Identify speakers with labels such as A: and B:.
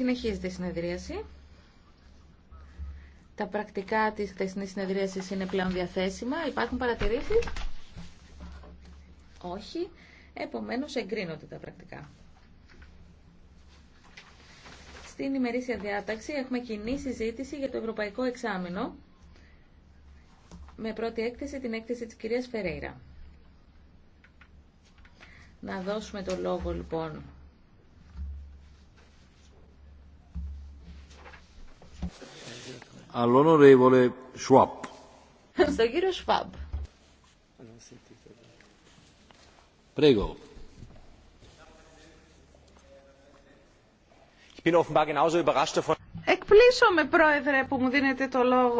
A: Συνεχίζεται η συνεδρίαση. Τα πρακτικά της χθεσινής συνεδρίασης είναι πλέον διαθέσιμα. Υπάρχουν παρατηρήσεις. Όχι. Επομένως εγκρίνονται τα πρακτικά. Στην ημερήσια διάταξη έχουμε κοινή συζήτηση για το Ευρωπαϊκό Εξάμεινο με πρώτη έκθεση την έκθεση της κυρίας Φερέιρα. Να δώσουμε το λόγο λοιπόν
B: all'onorevole Schwab.
C: Στον Schwab.
B: Prego.
A: Εκπλήσω με πρόεδρε που μου δίνετε το λόγο.